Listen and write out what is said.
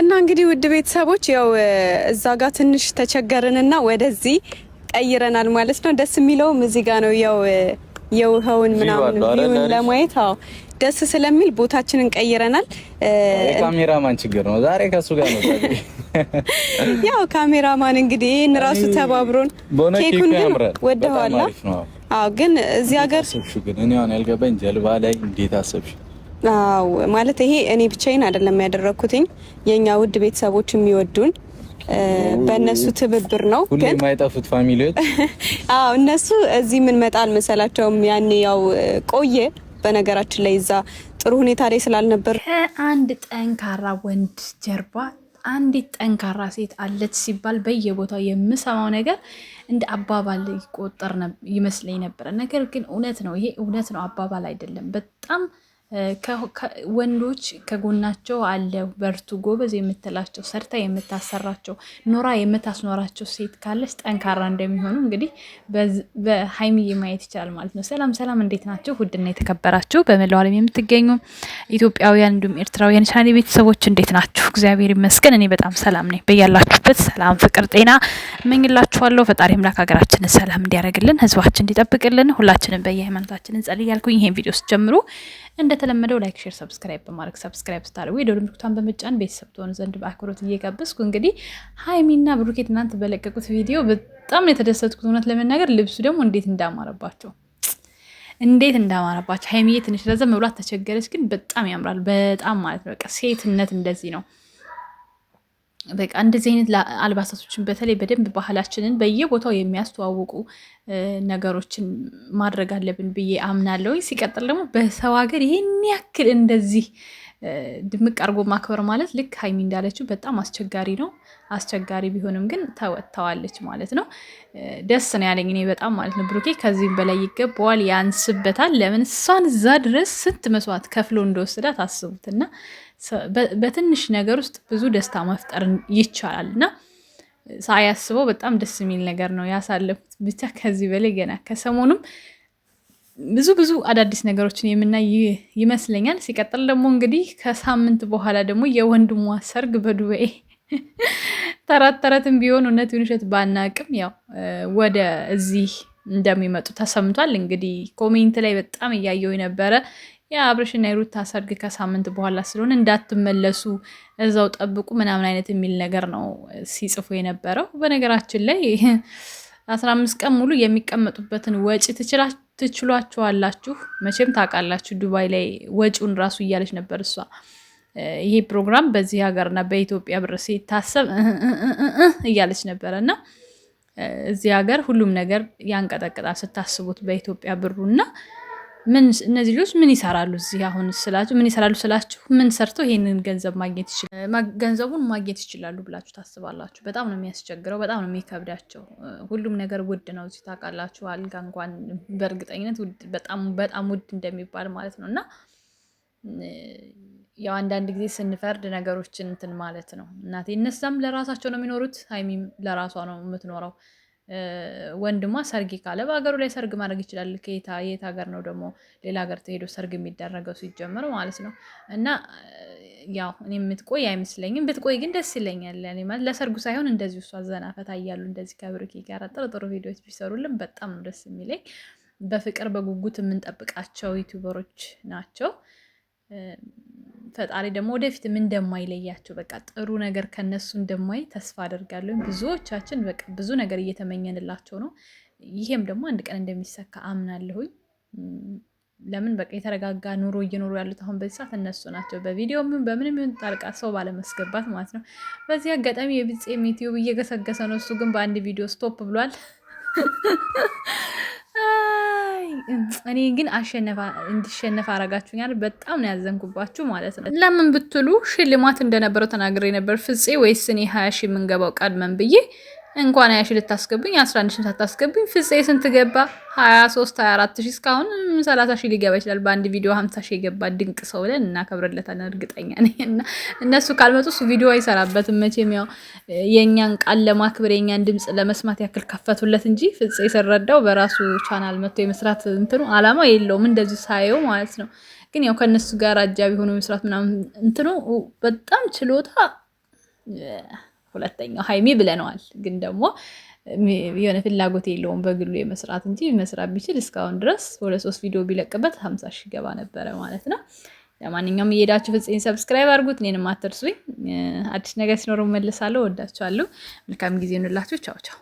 እና እንግዲህ ውድ ቤተሰቦች ያው እዛ ጋር ትንሽ ተቸገርንና ወደዚህ ቀይረናል ማለት ነው። ደስ የሚለውም እዚህ ጋር ነው። ያው የውሃውን ምናምን ቪውን ለማየት አዎ ደስ ስለሚል ቦታችንን ቀይረናል። ካሜራማን ችግር ነው ዛሬ ከሱ ጋር ነው። ያው ካሜራማን እንግዲህ ይሄን ራሱ ተባብሮን ኬኩን ግን ወደኋላ። አዎ ግን እዚህ ሀገር ግን እኔ አሁን ያልገባኝ ጀልባ ላይ እንዴት አሰብሽ? አዎ ማለት ይሄ እኔ ብቻዬን አይደለም ያደረኩትኝ። የኛ ውድ ቤተሰቦች የሚወዱን በእነሱ ትብብር ነው። ግን የማይጠፉት ፋሚሊዎች አዎ፣ እነሱ እዚህ ምን መጣል መሰላቸውም ያኔ ያው ቆየ። በነገራችን ላይ እዛ ጥሩ ሁኔታ ላይ ስላልነበር ከአንድ ጠንካራ ወንድ ጀርባ አንዲት ጠንካራ ሴት አለች ሲባል በየቦታው የምሰማው ነገር እንደ አባባል ይቆጠር ይመስለኝ ነበረ። ነገር ግን እውነት ነው፣ ይሄ እውነት ነው፣ አባባል አይደለም። በጣም ወንዶች ከጎናቸው አለ በርቱ ጎበዝ የምትላቸው ሰርታ የምታሰራቸው ኖራ የምታስኖራቸው ሴት ካለች ጠንካራ እንደሚሆኑ እንግዲህ በሀይሚዬ ማየት ይቻላል ማለት ነው። ሰላም ሰላም፣ እንዴት ናቸው? ውድና የተከበራችሁ በመላው ዓለም የምትገኙ ኢትዮጵያውያን እንዲሁም ኤርትራውያን ቻኔ ቤተሰቦች እንዴት ናችሁ? እግዚአብሔር ይመስገን እኔ በጣም ሰላም ነኝ። በያላችሁበት ሰላም፣ ፍቅር፣ ጤና እመኝላችኋለሁ። ፈጣሪ አምላክ ሀገራችንን ሰላም እንዲያደርግልን፣ ህዝባችን እንዲጠብቅልን ሁላችንም በየሃይማኖታችን እንጸልይ ይሄን ቪዲዮ ስጀምሩ እንደ እንደተለመደው ላይክ፣ ሼር፣ ሰብስክራይብ በማድረግ ሰብስክራይብ ስታደርጉ የደወል ምልክቷን በመጫን ቤተሰብ ትሆኑ ዘንድ በአክብሮት እየጋበዝኩ እንግዲህ ሀይሚና ብሩኬ ትናንት በለቀቁት ቪዲዮ በጣም ነው የተደሰትኩት። እውነት ለመናገር ልብሱ ደግሞ እንዴት እንዳማረባቸው እንዴት እንዳማረባቸው ሀይሚዬ ትንሽ ረዘም ብሏት ተቸገረች፣ ግን በጣም ያምራል። በጣም ማለት ነው በቃ ሴትነት እንደዚህ ነው። በቃ እንደዚህ አይነት አልባሳቶችን በተለይ በደንብ ባህላችንን በየቦታው የሚያስተዋውቁ ነገሮችን ማድረግ አለብን ብዬ አምናለሁ። ሲቀጥል ደግሞ በሰው ሀገር ይህን ያክል እንደዚህ ድምቅ አድርጎ ማክበር ማለት ልክ ሀይሚ እንዳለችው በጣም አስቸጋሪ ነው። አስቸጋሪ ቢሆንም ግን ተወጥተዋለች ማለት ነው። ደስ ነው ያለኝ እኔ በጣም ማለት ነው። ብሩኬ ከዚህም በላይ ይገባዋል፣ ያንስበታል። ለምን እሷን እዛ ድረስ ስንት መስዋዕት ከፍሎ እንደወሰዳት አስቡትና በትንሽ ነገር ውስጥ ብዙ ደስታ መፍጠር ይቻላል እና ሳያስበው በጣም ደስ የሚል ነገር ነው ያሳለፉት። ብቻ ከዚህ በላይ ገና ከሰሞኑም ብዙ ብዙ አዳዲስ ነገሮችን የምናይ ይመስለኛል። ሲቀጥል ደግሞ እንግዲህ ከሳምንት በኋላ ደግሞ የወንድሟ ሰርግ በዱባኤ ተረት ተረትም ቢሆን እውነቱን ውሸት ባናቅም ያው ወደ እዚህ እንደሚመጡ ተሰምቷል። እንግዲህ ኮሜንት ላይ በጣም እያየው የነበረ የአብርሽና የሩታ ሰርግ ከሳምንት በኋላ ስለሆነ እንዳትመለሱ እዛው ጠብቁ ምናምን አይነት የሚል ነገር ነው ሲጽፉ የነበረው። በነገራችን ላይ አስራ አምስት ቀን ሙሉ የሚቀመጡበትን ወጪ ትችላችሁ ትችሏቸዋላችሁ። መቼም ታውቃላችሁ፣ ዱባይ ላይ ወጪውን ራሱ እያለች ነበር እሷ። ይሄ ፕሮግራም በዚህ ሀገርና በኢትዮጵያ ብር ሲታሰብ እያለች ነበረ እና እዚህ ሀገር ሁሉም ነገር ያንቀጠቅጣል ስታስቡት በኢትዮጵያ ብሩና ምን እነዚህ ልጆች ምን ይሰራሉ እዚህ አሁን ስላችሁ ምን ይሰራሉ ስላችሁ ምን ሰርተው ይሄንን ገንዘብ ማግኘት ገንዘቡን ማግኘት ይችላሉ ብላችሁ ታስባላችሁ? በጣም ነው የሚያስቸግረው፣ በጣም ነው የሚከብዳቸው። ሁሉም ነገር ውድ ነው እዚህ ታውቃላችሁ። አልጋ እንኳን በእርግጠኝነት በጣም በጣም ውድ እንደሚባል ማለት ነው እና ያው አንዳንድ ጊዜ ስንፈርድ ነገሮችን እንትን ማለት ነው። እናቴ እነዛም ለራሳቸው ነው የሚኖሩት፣ ሀይሚም ለራሷ ነው የምትኖረው። ወንድሟ ሰርግ ካለ በሀገሩ ላይ ሰርግ ማድረግ ይችላል። ከየታ የት ሀገር ነው ደግሞ ሌላ ሀገር ተሄዶ ሰርግ የሚደረገው ሲጀመር ማለት ነው። እና ያው እኔ የምትቆይ አይመስለኝም። ብትቆይ ግን ደስ ይለኛል። ማለት ለሰርጉ ሳይሆን እንደዚህ እሷ ዘና ፈታ እያሉ እንደዚህ ከብሩኬ ጋር ጥሩ ጥሩ ቪዲዮዎች ቢሰሩልን በጣም ነው ደስ የሚለኝ። በፍቅር በጉጉት የምንጠብቃቸው ዩቱበሮች ናቸው። ፈጣሪ ደግሞ ወደፊትም እንደማይለያቸው በቃ ጥሩ ነገር ከነሱ እንደማይ ተስፋ አደርጋለሁ። ብዙዎቻችን በቃ ብዙ ነገር እየተመኘንላቸው ነው። ይሄም ደግሞ አንድ ቀን እንደሚሰካ አምናለሁኝ። ለምን በቃ የተረጋጋ ኑሮ እየኖሩ ያሉት አሁን በዚህ ሰዓት እነሱ ናቸው። በቪዲዮ ምን በምንም ይሁን ጣልቃ ሰው ባለመስገባት ማለት ነው። በዚህ አጋጣሚ የቢፄ ዩቲዩብ እየገሰገሰ ነው። እሱ ግን በአንድ ቪዲዮ ስቶፕ ብሏል። እኔ ግን እንዲሸነፍ አረጋችሁኛል። በጣም ነው ያዘንኩባችሁ ማለት ነው። ለምን ብትሉ ሽልማት እንደነበረው ተናግሬ ነበር ፍፄ ወይስ እኔ ሀያ ሺ የምንገባው ቀድመን ብዬ እንኳን ሀያ ሺህ ልታስገቡኝ አስራ አንድ ሳታስገቡኝ ስንት ገባ? ሀያ ሶስት ሀያ አራት ሺ እስካሁን ሰላሳ ሺ ሊገባ ይችላል። በአንድ ቪዲዮ ሀምሳ ሺ የገባ ድንቅ ሰው ብለን እናከብረለታለን። እርግጠኛ ነኝ እና እነሱ ካልመጡ እሱ ቪዲዮ አይሰራበትም መቼም። ያው የእኛን ቃል ለማክበር የእኛን ድምፅ ለመስማት ያክል ከፈቱለት እንጂ ፍጼ ስረዳው በራሱ ቻናል መጥቶ የመስራት እንትኑ አላማ የለውም እንደዚህ ሳየው ማለት ነው። ግን ያው ከእነሱ ጋር አጃቢ ሆኖ የመስራት ምናምን እንትኑ በጣም ችሎታ ሁለተኛው ሀይሚ ብለነዋል። ግን ደግሞ የሆነ ፍላጎት የለውም በግሉ የመስራት እንጂ መስራት ቢችል እስካሁን ድረስ ወደ ሶስት ቪዲዮ ቢለቅበት ሀምሳ ሺህ ገባ ነበረ ማለት ነው። ለማንኛውም እየሄዳችሁ ፍጽኝ ሰብስክራይብ አድርጉት፣ እኔንም አትርሱኝ። አዲስ ነገር ሲኖር መልሳለሁ። ወዳችኋለሁ። መልካም ጊዜ እንላችሁ። ቻው ቻው